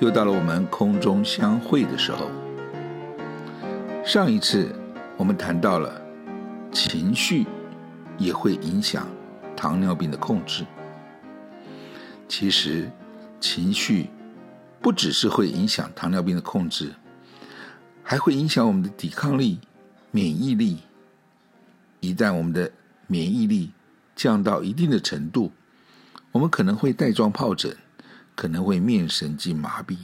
又到了我們空中相會的時候。上一次我們談到了情緒也會影響糖尿病的控制。其實情緒不只是會影響糖尿病的控制，還會影響我們的抵抗力、免疫力。一旦我們的免疫力降到一定的程度，我們可能會帶狀疱疹。可能會面神經麻痹，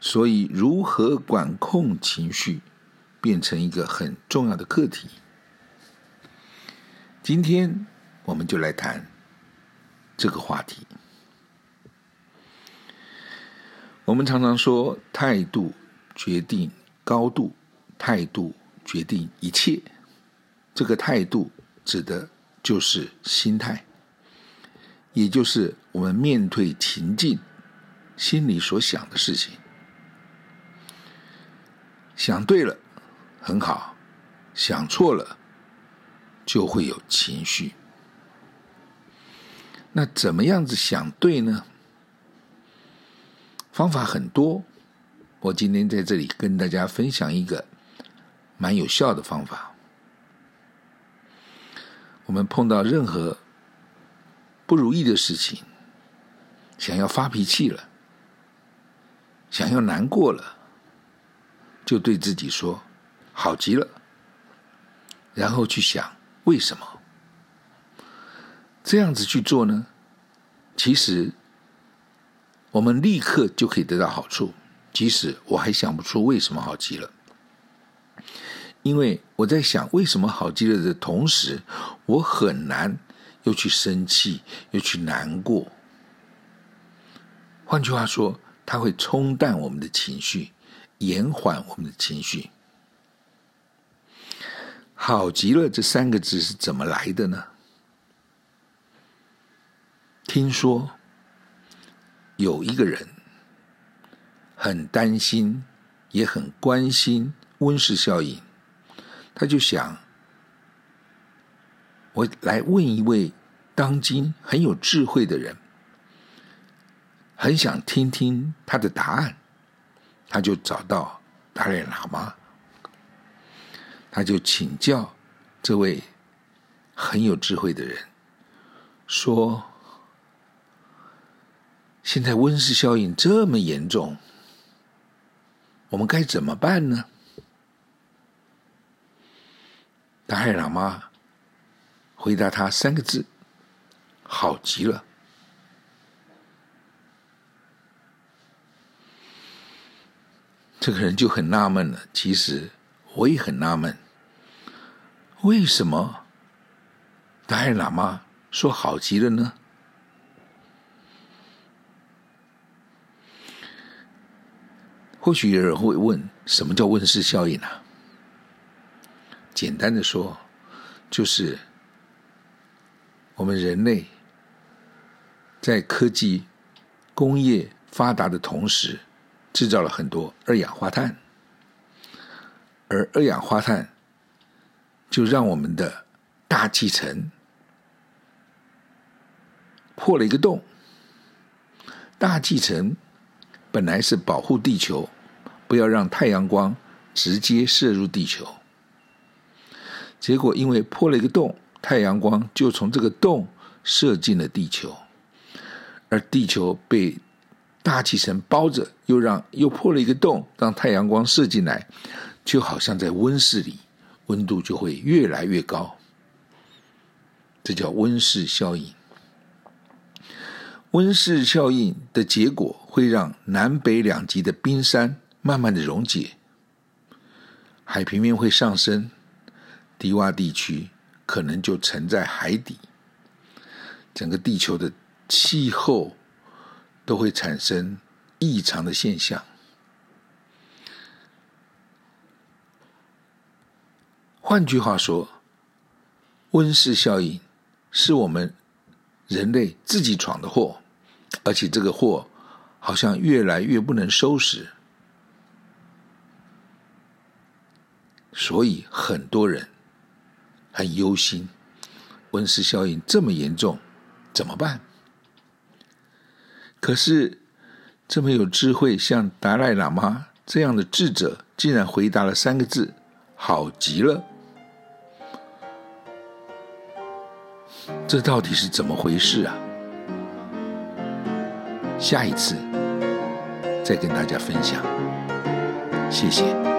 所以如何管控情緒，變成一個很重要的課題。今天我們就來談這個話題。我們常常說，態度決定高度，態度決定一切。這個態度指的就是心態。也就是我們面對情境，心裡所想的事情，想對了很好，想錯了就會有情緒。那怎麼樣子想對呢？方法很多，我今天在這裡跟大家分享一個蠻有效的方法。我們碰到任何。不如意的事情，想要發脾氣了，想要難過了，就對自己說：“好極了。”然後去想為什麼。這樣子去做呢？其實我們立刻就可以得到好處，即使我還想不出為什麼好極了，因為我在想為什麼好極了的同時，我很難。又去生氣，又去難過。換句話說，它會沖淡我們的情緒，延緩我們的情緒。好極了，這三個字是怎麼來的呢？聽說有一個人很擔心，也很關心溫室效應，他就想。我來問一位當今很有智慧的人，很想聽聽他的答案。他就找到達賴喇嘛，他就請教這位很有智慧的人，說：“現在溫室效應這麼嚴重，我們該怎麼辦呢？”達賴喇嘛。回答他三個字：“好極了。”這個人就很納悶了。其實我也很納悶，為什麼達賴喇嘛說“好極了”呢？或許有人會問：“什麼叫溫室效應啊？”簡單的說，就是。我們人類在科技工業發達的同時，制造了很多二氧化碳，而二氧化碳就讓我們的大氣層破了一個洞。大氣層本來是保護地球，不要讓太陽光直接射入地球，結果因為破了一個洞。太陽光就從這個洞射進了地球，而地球被大氣層包着，又讓又破了一個洞，讓太陽光射進來，就好像在溫室裡，溫度就會越來越高。這叫溫室效應。溫室效應的結果會讓南北兩極的冰山慢慢的溶解，海平面會上升，低洼地區。可能就沉在海底，整個地球的氣候都會產生異常的現象。換句話說，溫室效應是我們人類自己闖的禍，而且這個禍好像越來越不能收拾，所以很多人。很憂心，溫室效應這麼嚴重，怎麼辦？可是，這麼有智慧，像達賴喇嘛這樣的智者，竟然回答了三個字：“好極了。”這到底是怎麼回事啊？下一次再跟大家分享，謝謝。